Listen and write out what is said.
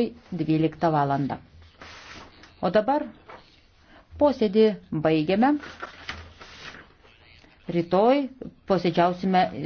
paskui 12 valandą. O dabar posėdį baigiame. Rytoj posėdžiausime.